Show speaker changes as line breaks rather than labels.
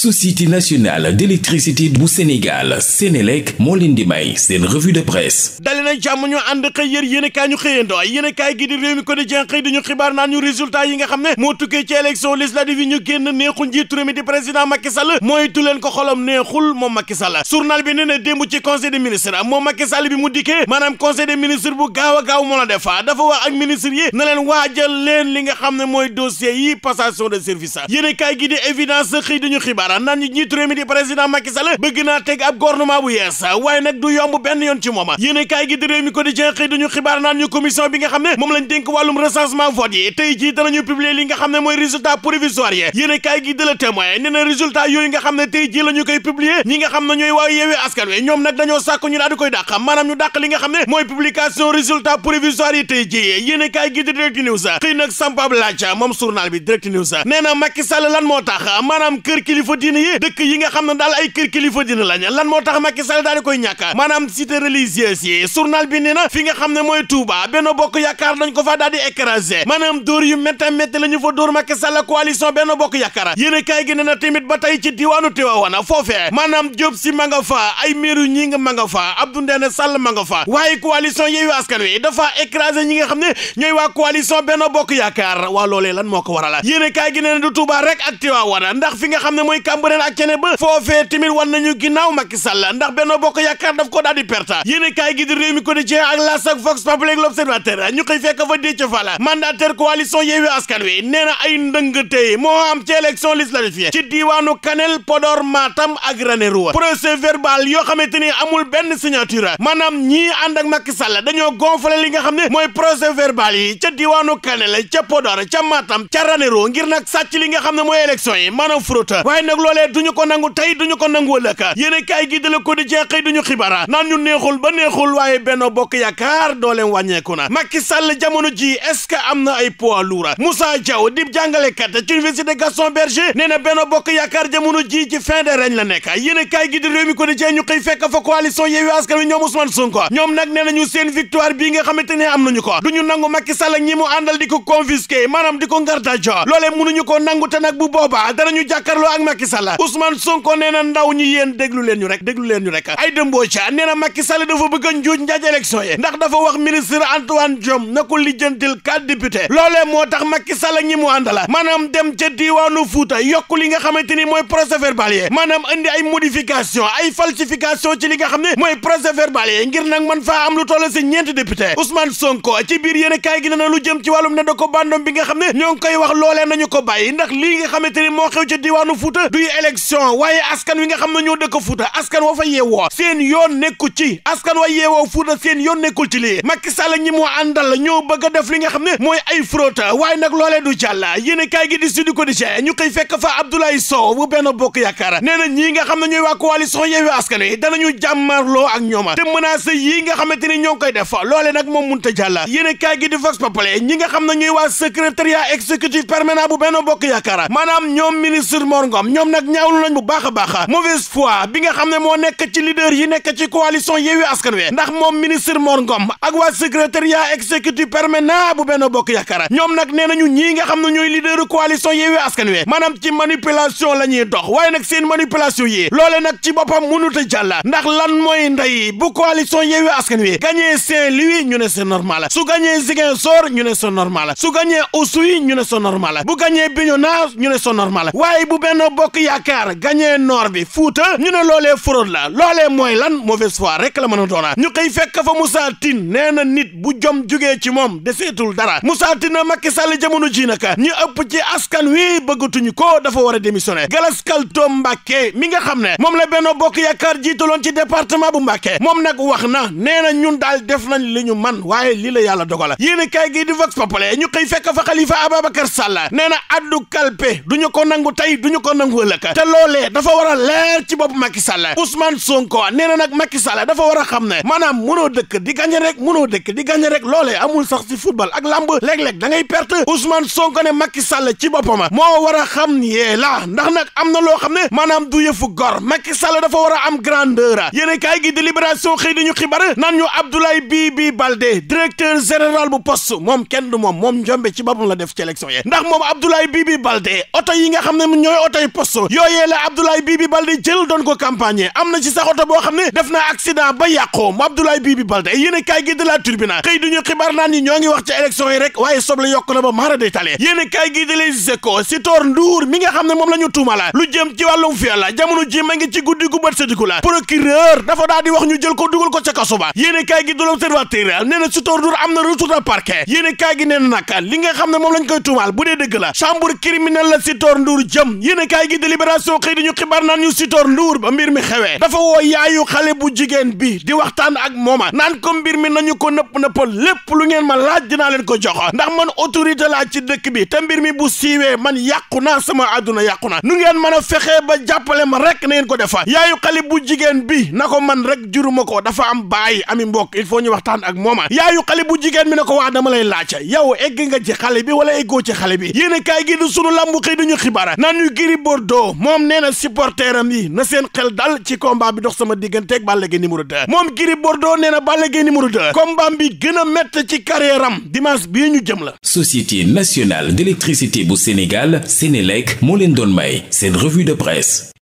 société nationale d'électricité bu Sénégal Sénélec moo leen di may seen revue de presse dali jàmm ñu ànd xëy yër yéen i kaay ñu xëyandoo yéen i kaay gi di réew mi ko di jenxëy di ñu xibaar naan ñu résultat yi nga xam ne moo tukkee ci élection législative yi ñu génn neexul njiitu réew mi di président Macky Sall mooy tu ko xolam neexul moom Macky Sall journal bi nee bi mu dikkee maanaam conseil des ministres bu a moo la defa dafa li nga xam ne mooy dossier Sarr naan ñi njiitu réew mi di bëgg naa teg ab gouvernement bu yees waaye nag du yomb benn yoon ci mooma yéen a kaay gi di réew mi quotidien xëy dañu xibaar naan ñu commission bi nga xam ne moom lañ dénk wàllum recensement vote yi tey jii danañu publier li nga xam ne mooy résultat provisoire yi yéen a kaay gi di la témoin nee na résultat yooyu nga xam ne tey jii la ñu koy publier ñi nga xam ne ñooy waaw yeewee askan wi ñoom nag dañoo sàkk ñu daal di koy dàq maanaam ñu dàq li nga ne mooy publication résultat provisoire yi tey jii yéen a kaay gi di direct news xëy nag sampab laaj moom journal bi direct news nee na Macky Sall lan moo tax maanaam kër kilifa diine yi dëkk yi nga xam ne daal ay kër kilifa diine lañ lan moo tax Macky Sall daal di koy ñàkk maanaam cité religieuse yi journal bi fi nga ne mooy Touba Benno Bokk Yaakaar dañ ko fa daal di écrasé maanaam dóor yu métti métti la ñu fa dóor Macky Sall coalition Benno Bokk Yaakaar yéen na tamit ba ci diwaanu Tivaouane foofee maanaam Diop si ma nga ay meeru ñi nga ma nga fa Abdou Ndéné Sall waaye coalition Yewwi Askan Wi dafa écrasé ñi Cambérène ak kene ba foofee tamit wan nañu ginnaaw Macky Sall ndax Benno Bokk Yaakaar daf ko daal di perte yéen kaay gi di réew mi quotidien ak L'As ak Vox Populi ak L'Observateur ñu koy fekk fa Déthié Fall mandataire coalition Yewwi Askan Wi nee na ay ndëngtey moo am ci élection législative ci diiwaanu Kanel Podor Matam ak Ranérou verbal xamante ni amul benn signature maanaam ñii ànd ak Macky Sall dañoo gonfale li nga xam ne mooy procès verbal yi ca diiwaanu Kanel ca Podor ca Matam ca Ranérou ngir nag sàcc li nga xam ne mooy élection yi maanaam fraude loolee duñu ko nangu tey duñu ko nangu ëllëg yéen kaay gi de la ko di jeex xëy duñu xibaar naan ñu neexul ba neexul waaye Benno Bokk Yaakaar dooleem wàññeeku na Macky Sall jamono ji est-ce que am na ay poids lourd Moussa Diaw di jàngalekat ci université Gaston Berger nee na Benno Bokk Yaakaar jamono ji ci fin de règne la nekk yéen kaay gi di ko di jeex ñu xëy fekk fa coalition Yewwi Askan Wi ñoom Ousmane Sonko ñoom nag nee nañu seen victoire bii nga xamante ne am nañu ko duñu nangu Macky Sall ñi mu àndal di ko confisquer maanaam di ko ngardajo loolee mënuñu ko nangu te bu boobaa danañu jàkkaarloo ak Macky Sall Ousmane Sonko nee na ndaw ñi yéen déglu leen ñu rek déglu leen rek ay dëmboo ca nee na Macky Sall dafa bëgg a njuuj njaaj élection ndax dafa wax ministre Antoine Diome na ko lijjantil quatre député loolee moo tax Macky Sall ñi mu àndala maanaam dem ca diiwaanu Fuuta yokk li nga xamante ni mooy procès verbal yi maanaam indi ay modification ay falsification ci li nga xam ne mooy procès verbal yi ngir nag man faa am lu toll si ñeenti député Ousmane Sonko ci biir yéen kaay gi nee na lu jëm ci wàllum ne da ko bandom bi nga xam ne ñoo koy wax loolee nañu ko bàyyi ndax lii nga xamante ni moo xew ca Fuuta duy élection waaye askan wi nga xam na ñoo dëkk Fuuta askan wa fa yeewoo seen yoon nekku ci askan wa yeewoo Fuuta seen yoon nekkul ci lii Macky Sall ñi moo àndal ñoo nga xam ne mooy ay fraude waaye nag loolee du jàll yéen kaay gi di Sud Quotidien ñu koy fekk fa Abdoulaye Sow bu benn bokk yaakaar nee na ñii nga xam ne ñooy waa coalition Yewwi Askan yi nga xamante ni ñoo ngi koy def loole nag a jàll yéen kaay gi di Vox Populi ñi nga xam ne ñooy waa secrétariat exécutif permanent bu benn bokk yaakaar maanaam ñoom ministre Mor ñoom nag ñaawlu nañ bu baax a baax mauvaise foi bi nga xam ne moo nekk ci leader yi nekk ci coalition Yewwi Askan Wi ndax moom ministre Mor Ngom ak waa secrétariat exécutif permanent bu Benno Bokk Yaakaar ñoom nag nee nañu ñii nga xam na ñooy leader coalition Yewwi Askan Wi maanaam ci manipulation la ñuy dox waaye nag seen manipulation yi loole nag ci boppam mënut a jàll ndax lan mooy ndey bu coalition Yewwi Askan Wi gagné Saint-Louis ñu ne c'est normal su gagné Ziguinchor ñu ne c'est normal su gagné Oussouye ñu ne c'est normal bu gagné Bignona ñu ne c'est bokk yaakaar gagné nord bi fuuta ñu ne loolee fraude la loolee mooy lan mauvaise foi rek la mën a doona ñu xëy fekk fa Moussa Tine nee na nit bu jom jugee ci moom deseetul dara Moussa Tine Macky Sall jamono ji naka ñu ëpp ci askan wi bëggatuñu ko dafa war a démissionné Galas Kaltoom Mbàkke mi nga xam ne moom la benn Bokk Yaakaar jiitaloon ci département bu Mbàkke moom nag wax na nee na ñun daal def nañ le ñu man waaye lii la yàlla dogal yéen kay gi di Vox Populi fekk fa Khalifa Ababacar Sall nee na addu kalpe duñu ko nangu tey duñu ëllëg te loolee dafa war a leer ci bopp Macky Sall Ousmane Sonko nee na nag Macky Sall dafa war a xam ne maanaam mënoo dëkk di gagné rek mënoo dëkk di gagné rek loolee amul sax ci football ak lamb léeg-léeg da ngay perte Ousmane Sonko ne Macky Sall ci boppam moo war a xam ni yee la ndax nag am na loo xam ne maanaam du yëfu gor Macky Sall dafa war a am grandeur yéen kaay gi délibération xëy di ñu xibaar naan ñu Abdoulaye Bibi Baldé directeur général bu poste moom kenn du moom moom njombe ci boppam la def ci élection moom Abdoulaye Bibi Baldé oto yi nga xam ne ñooy oto course yooyee la Abdoulaye Bibi Baldé jël doon ko campagne am na ci sax oto boo xam ne def na accident ba yàqoo mu Abdoulaye Bibi Baldé yéen kaay gi de xëy duñu xibaar naan ñi ñoo ngi wax ci élection yi rek waaye soble yokk na ba mara day tale yéen kaay gi de Les Échos si toor nduur mi nga xam ne moom la ñu tuuma la lu jëm ci wàllum a la jamono ji ma ngi ci guddi gu bët sadiku la procureur dafa wax ñu jël ko dugal ko ca kaso ba yéen kaay gi de L'Observateur nee na si na retour de parquet na xam ne moom lañ koy tuumaal bu dee dëgg la chambre criminelle la si toor nduur jëm de libération xëy di ñu xibaar naan ñu Sitor Ndour ba mbir mi xewee dafa woo yaayu xale bu jigéen bi di waxtaan ak mooma naan ko mbir mi nañu ko nëpp nëppal lépp lu ngeen ma laaj dinaa leen ko jox ndax man autorité laa ci dëkk bi te mbir mi bu siiwee man yàqu naa sama àdduna yàqu na nu ngeen mën a fexee ba jàppale ma rek na ngeen ko defa yaayu xale bu jigéen bi na ko man rek juruma ko dafa am baay ami mbok il faut ñu waxtaan ak mooma yaayu xale bu jigéen bi na ko waa dama lay laaj yow egg nga ci xale bi wala eggoo ci xale bi yéen kaay gi xëy duñu xibaar Bordeaux moom nee na supporter am yi na seen xel dal ci combat bi dox sama diggante balle Balla Gaye numéro 2 moom Gris Bordeaux nee na Balla Gaye numéro 2 combat bi gën a métti ci carrière am dimanche bii ñu jëm la. Société nationale d'électricité bu Sénégal Sénélec moo leen doon may seen revue de presse.